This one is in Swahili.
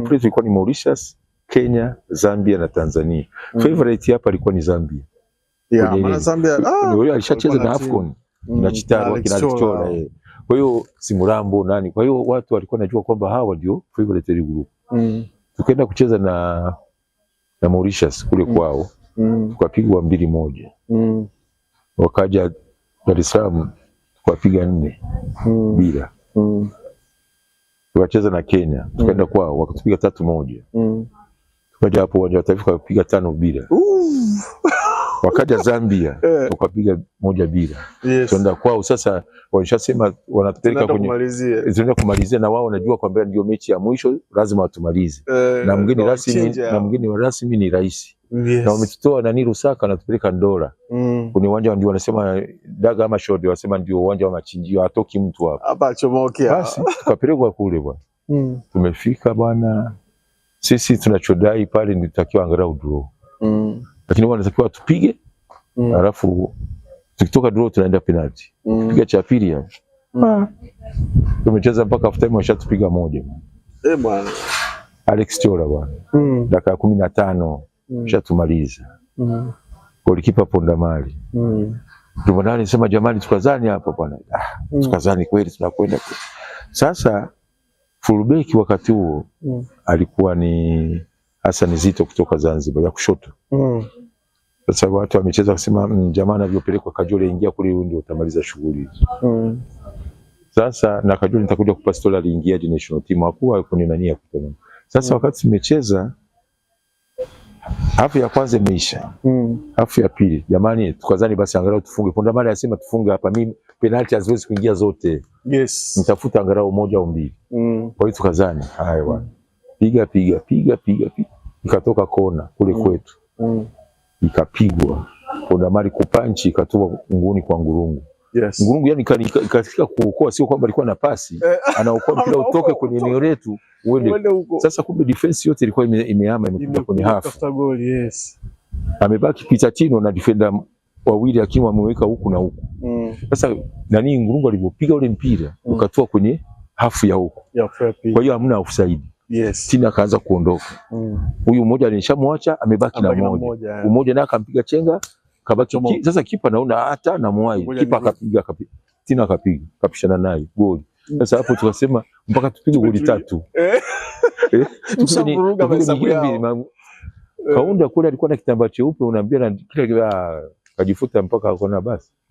Group letu ilikuwa ni Mauritius, Kenya, Zambia na Tanzania. Mm. Favorite hapa alikuwa ni Zambia. Yeah, maana Zambia ah, alishacheza na Afcon na mm, Chitara wakina Victoria eh. Kwa hiyo Simurambo nani. Kwa hiyo watu walikuwa wanajua kwamba hawa ndio favorite group. Mm. Tukaenda kucheza na na Mauritius kule mm. kwao. Mm. Tukapigwa mbili moja. Mm. Wakaja Dar es Salaam tukapiga nne mm. bila. Mm tukacheza na Kenya mm. tukaenda mm. kwao wakatupiga tatu moja mm. tukaja hapo uwanja wa Taifa wakapiga tano bila wakaja Zambia tukapiga eh. moja bila, yes. tuenda kwao sasa, wanashasema wanapeleka kwenye eh, tunaenda kumalizia, na wao wanajua kwamba ndio mechi ya mwisho lazima watumalize e, na mgeni rasmi na mgeni wa rasmi ni rais yes. na wametutoa nani Lusaka na tupeleka Ndola mm. kwenye uwanja ndio wanasema daga ama shodi, wanasema ndio uwanja wa machinjio, hatoki mtu hapo hapa chomoke Basi tukapelekwa kule bwana mm. tumefika bwana, sisi tunachodai pale nitakiwa angalau draw mm lakini wao wanatakiwa tupige mm. alafu tukitoka draw tunaenda penalty mm. piga cha pili ya mm. Ah. tumecheza mpaka half time washatupiga moja eh bwana Alex Chola bwana mm. dakika kumi na tano mm. shatumaliza mm. golikipa Ponda Mali mm. ndio nani sema jamani, tukazani hapa bwana ah, mm. tukazani kweli, tunakwenda sasa. Fulbeki wakati huo mm. alikuwa ni Hassan Zito kutoka Zanzibar ya kushoto mm. Sasa watu wamecheza kusema mm, jamaa anavyopelekwa Kajole, ingia kule, ndio utamaliza shughuli hizo mm. Sasa na Kajole nitakuja kupa story, aliingia national team hakuwa kwenye nani ya kutoka sasa mm. wakati tumecheza hafu ya kwanza imeisha mm. hafu ya pili, jamani, tukazani basi angalau tufunge. Punda mara yasema tufunge hapa, mimi penalti haziwezi kuingia zote, yes, nitafuta angalau moja au mbili mm. kwa hiyo tukazani, haya bwana, mm. piga piga piga piga, ikatoka kona kule mm. kwetu mm nikapigwa Odamari kupanchi ikatoka nguni kwa Ngurungu. Yes. Ngurungu yani katika kuokoa, sio kwamba alikuwa na pasi, eh. anaokoa mpira utoke kwenye eneo letu uende. Sasa kumbe defense yote ilikuwa imehama imekuja kwenye hafu. Yes. Amebaki Pitatino na defender wawili akiwa wameweka huku na huku. Mm. Sasa nani Ngurungu alipopiga ule mpira mm, ukatua kwenye hafu ya huku. Yeah, kwa hiyo hamna offside. Yes. Tina akaanza kuondoka mm. huyu mm. mmoja alinishamwacha amebaki na mmoja yeah. naye akampiga chenga kabaki ki, sasa kipa naona hata namwai kipa akapiga akapiga Tina akapiga kapishana naye goli. Mm. Sasa hapo tukasema mpaka tupige goli tatu eh, eh? msaburuga hesabu yao eh. Kaunda kule alikuwa na kitambaa cheupe, unaambia na kila ah, kajifuta mpaka akona basi